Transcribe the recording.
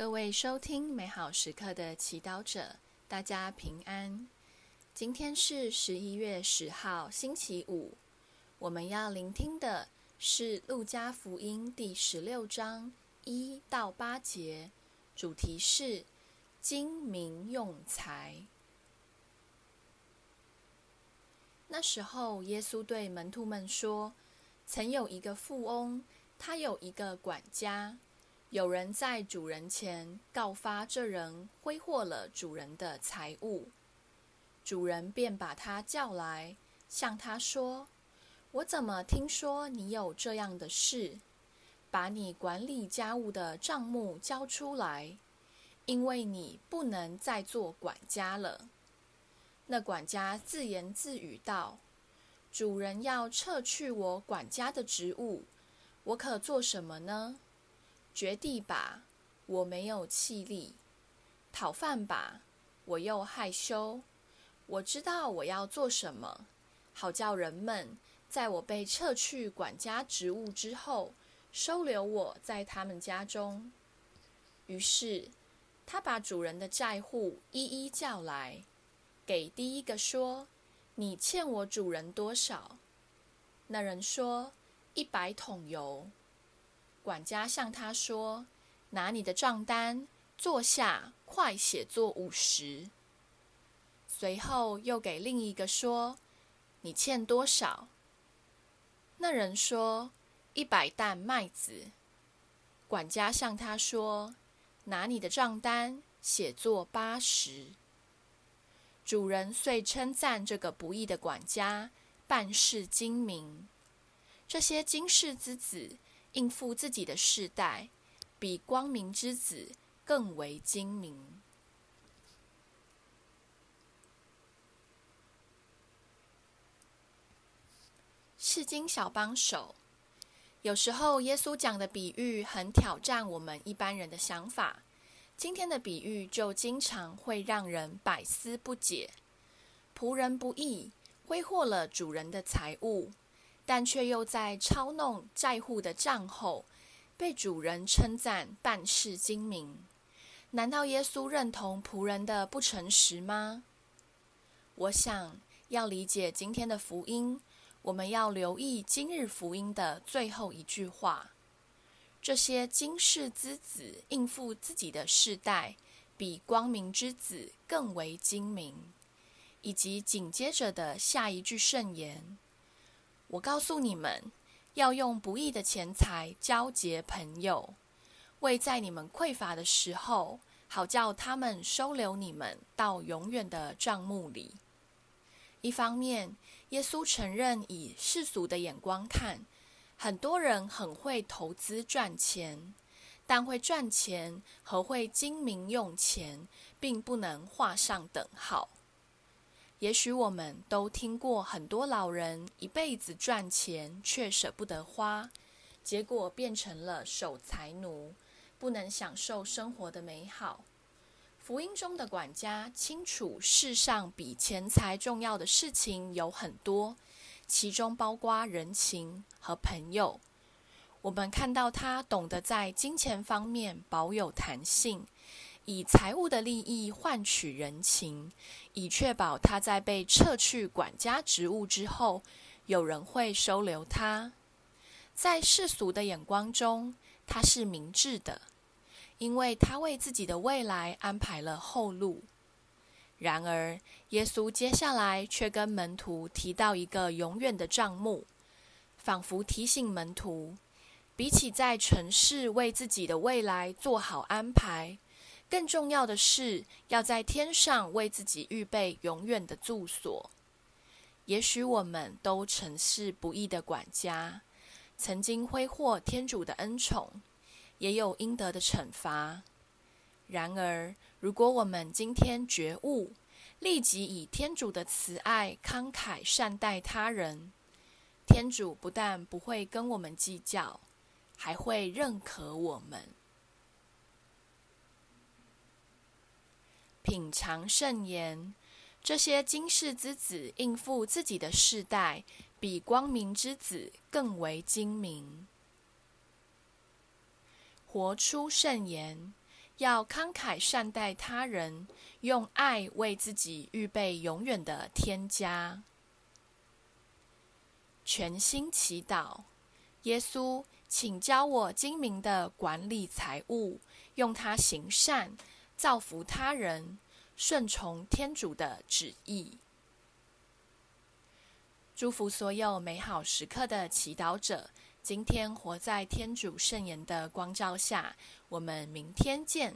各位收聽美好時刻的祈禱者，大家平安。今天是十一月十號，星期五。我們要聆聽的是《路加福音》第十六章一到八節，主題是“精明用財”。那時候，耶穌對門徒們說：“曾有一個富翁，他有一個管家。”有人在主人前告發這人揮霍了主人的財物，主人便把他叫來，向他說：“我怎麼聽說你有這樣的事？把你管理家務的賬目交出來，因為你不能再做管家了。”那管家自言自語道：“主人要撤去我管家的職務，我可做什麼呢？”掘地吧，我沒有氣力；討飯吧，我又害羞。我知道我要做什麼，好叫人們在我被撤去管家職務之後，收留我在他們家中。於是，他把主人的債戶一一叫來，給第一個說：“你欠我主人多少？”那人說：“一百桶油。”管家向他說：“拿你的賬單，坐下，快寫作五十。”隨後又給另一個說：“你欠多少？”那人說：“一百石麥子。”管家向他說：“拿你的賬單，寫作八十。”主人遂稱讚這個不義的管家辦事精明。這些今世之子。應付自己的世代，比光明之子更為精明。釋經小幫手，有時候耶穌講的比喻很挑戰我們一般人的想法。今天的比喻就經常會讓人百思不解。僕人不義，揮霍了主人的財物。但卻又在操弄債戶的賬後，被主人稱讚辦事精明。難道耶穌認同僕人的不誠實嗎？我想要理解今天的福音，我們要留意今日福音的最後一句話：這些今世之子應付自己的世代，比光明之子更為精明，以及緊接着的下一句聖言。我告訴你們，要用不義的錢財交結朋友，為在你們匱乏的時候，好叫他們收留你們到永遠的帳幕裏。一方面，耶穌承認以世俗的眼光看，很多人很會投資賺錢，但會賺錢和會精明用錢，並不能畫上等號。也許我們都聽過很多老人一輩子賺錢卻捨不得花，結果變成了守財奴，不能享受生活的美好。福音中的管家清楚，世上比錢財重要的事情有很多，其中包括人情和朋友。我們看到他懂得在金錢方面保有彈性。以財物的利益換取人情，以確保他在被撤去管家職務之後，有人會收留他。在世俗的眼光中，他是明智的，因為他為自己的未來安排了後路。然而，耶穌接下來卻跟門徒提到一個永遠的帳幕，仿佛提醒門徒，比起在塵世為自己的未來做好安排。更重要的是，要在天上為自己預備永遠的住所。也許我們都曾是不義的管家，曾經揮霍天主的恩寵，也有應得的懲罰。然而，如果我們今天覺悟，立即以天主的慈愛慷慨善待他人，天主不但不會跟我們計較，還會認可我們。品嚐聖言，這些今世之子應付自己的世代，比光明之子更為精明。活出聖言，要慷慨善待他人，用愛為自己預備永遠的天家。全心祈禱，耶穌，請教我精明的管理財物，用它行善。造福他人，順從天主的旨意。祝福所有美好時刻的祈禱者。今天活在天主聖言的光照下，我們明天見。